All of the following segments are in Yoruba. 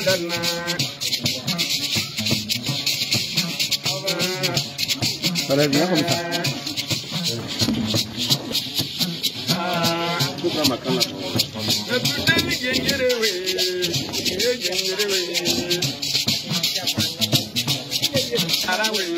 d a n Para el viejo, mija. Buka makala. Tadani g g e r e w e gengerewe. a r a w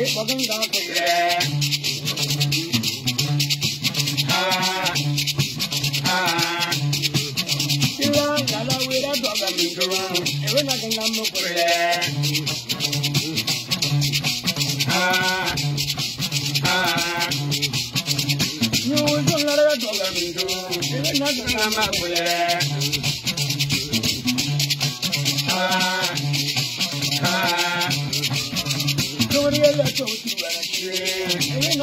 ṣe pọ̀jù ń dáná pẹ̀lú. Sila nyala wira dɔgɔ mi dɔrɔn, ewe na gana mo kore. Nyuwo dɔgɔ dɔgɔ mi dɔrɔn, ewe na gana mo kore.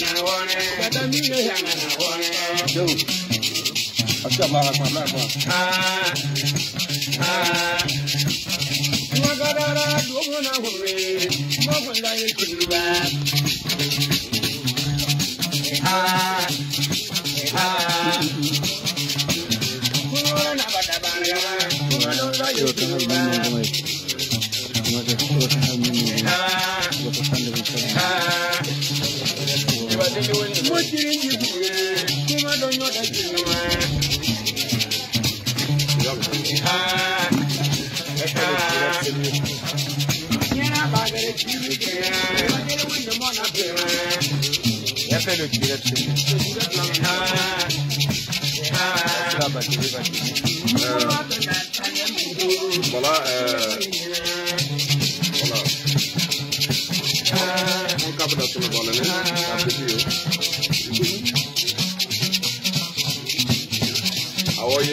Àti àbá àgbà láàbà. Wọ́n gbọ́dọ̀ rà dùnmù náà wò mí, mọ́kùn láyé kìlú bá. Kúrò náà bàtàbà rẹ̀ wá, kúrò ló ń lọ yóò kìlú bá. Kúrò náà bàtàbà rẹ̀ wá, kúrò motiri njibure kuma donyo da jinuma yana bagare kiri kira bagare wanda mona kira ya felo kira kira Voilà, euh, voilà. On capte dans tout le monde, là, un petit peu.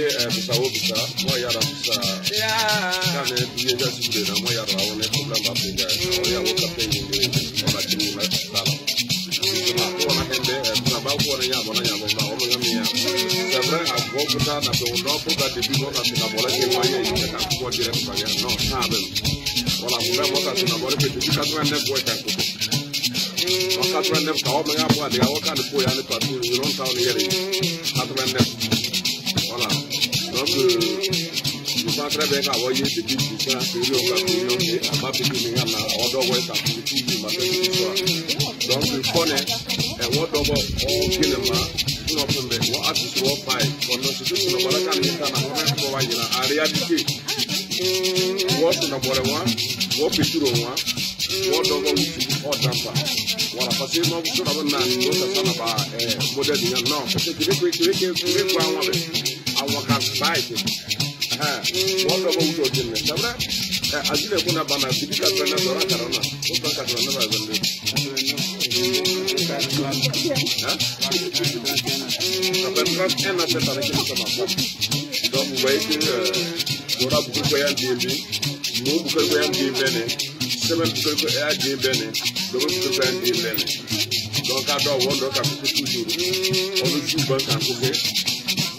bisa o bisa moi yara bisa kane duye ja sigire na yara problem ba pe ja ya wo kape ngi ona tini na sala ma ko na hende na ba ko na ya bona ya bona o nga mi ya c'est vrai a ko ko ta na do no pour ta no na ti na ke moi ye ka ko dire ko ya no be mo ka ka kawo ni patu ni ron ni yeri sɔgbɛɛ kusakura bɛ ka wɔ yeti bi bisa seri o ka kuri n'oge a ba bi bi mi ka na ɔ dɔ wɔ yi ka kuri k'u bi ma tɛmɛ bi sɔrɔ dɔnku fɔnɛ ɛ wɔ dɔ bɔ ɔ kele ma sinɔ fɛn bɛ wɔ a dusu wɔ fa ye kɔnɔ sisi sinɔ bɔra ka n'o sɔrɔ a bɛ na n'o tɛ sanaba ɛ modèle yan non bible wɔdɔ bɛ wudɔ den na sabula azile kuna bana bibi ka fɛn na sɔrɔ a kara na o fɛn ka sɔrɔ ne b'a fɛn de. Après 31 ans, cette année, ça m'a fait. Donc, vous voyez que j'aurai beaucoup de voyants d'aimer, nous, beaucoup de voyants d'aimer, semaine, beaucoup de voyants d'aimer, demain, beaucoup de voyants d'aimer. Donc, à droite, on doit faire toujours. On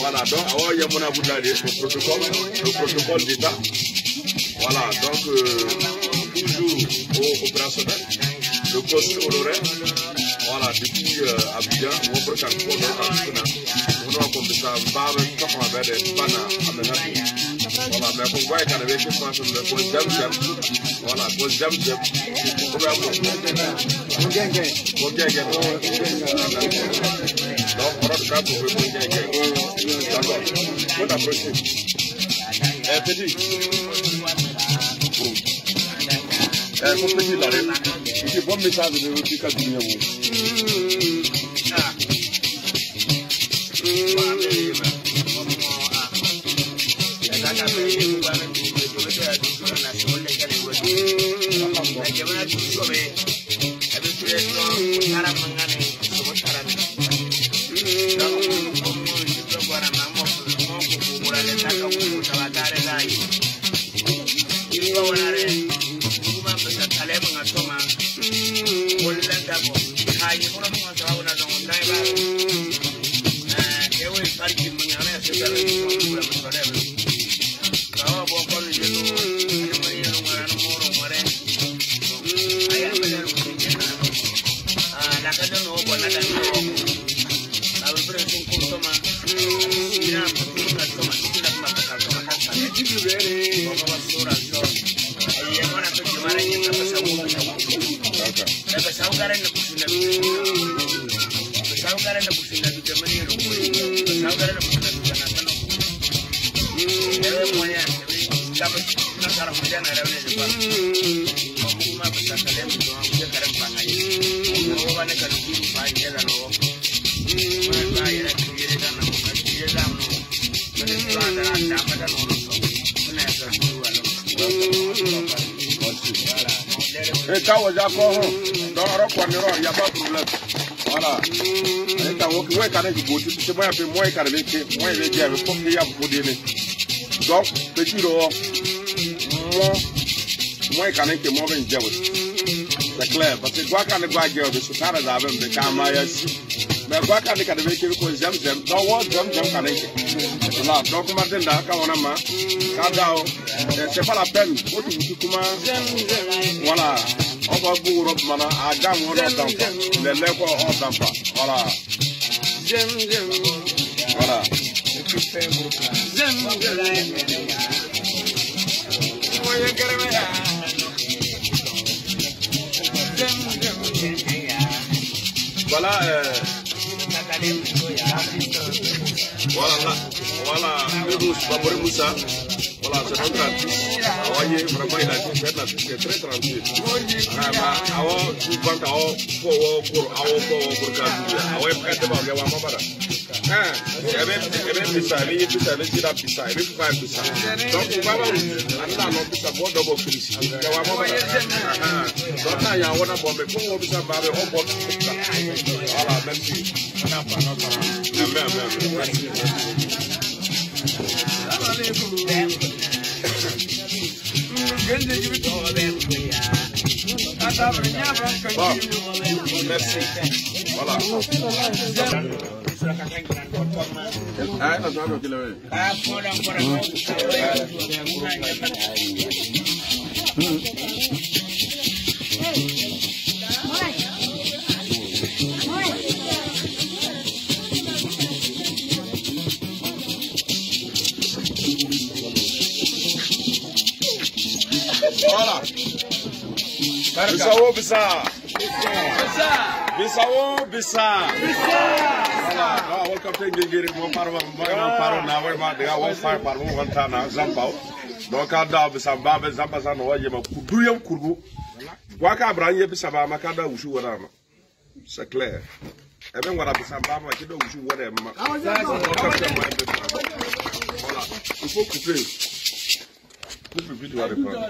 Voilà, donc, il y a mon le protocole, le protocole d'État. Voilà, donc, euh, toujours au opérationnel, le poste Voilà, depuis euh, Abidjan, on peut on On ça, des bananes Voilà, mais on voit le voilà, j'aime, j'aime. c'est le donc Europe n'a pas voulu dire que d'accord, on a pris. Eh petit, eh mon petit là, il est bon message de vous dire qu'à dire vous. soma wollantako hayikolo mu wansa wawona longo ndaye baro ewe pariki munyana ya sesara yikula musolebe kawa bokonu jenu nimuyenu mwaranu moro mware ayameleru kusinjena lakadono wobona dano abibure sinkum soma ina kusinka soma sikila kumakaka soma kakale kuja na ko don kuja karan ba ya ba ya da ku ya da na mu ka ya da mu ba ne ba da na ta ba da no le ke mo e le je petit ro wɔ mɔɛ kane kpe mɔ bɛ n jɛ o tɛklɛ parce que gua kane gua jɛ o bɛ so kaara zaa bɛ n bɛ kaama ya si mɛ gua kane kane bɛ kiri ko zɛm zɛm dɔ zɛm zɛm kane kɛ wala dɔ kuma den da ka wɔna ma ka da o c'est pas la peine o tugu ti kuma wala ɔba gbogbo rɔ kumana a gan o rɔ danfa lɛlɛ kɔ ɔ danfa wala. zɛm zɛm wala. zɛm zɛm voilà voilà voilà Babore Moussa voilà c'est notre artiste awaye vraiment il a dit c'est notre c'est très tranquille vraiment awo souvent awo fo wo kuro awo fo wo kuro ka duya awo e prête ba ga wa mabara ẹbẹ ẹbẹ Voilà. Bisa, Bisawo bisa. Bisa. Bisawo bisa. Bisa. bisa kapte ngegeri mo parwa mo no paro na wa ma daga wa fa parwa mo wanta na zampao do ka da bi samba be zamba san wa je ma kudu yam kurgu wa ka bran ye bi samba ma ka da wushu wara ma c'est clair e ben wara bi samba ma ki da wushu wara ma voilà il faut couper coupe vite wa répondre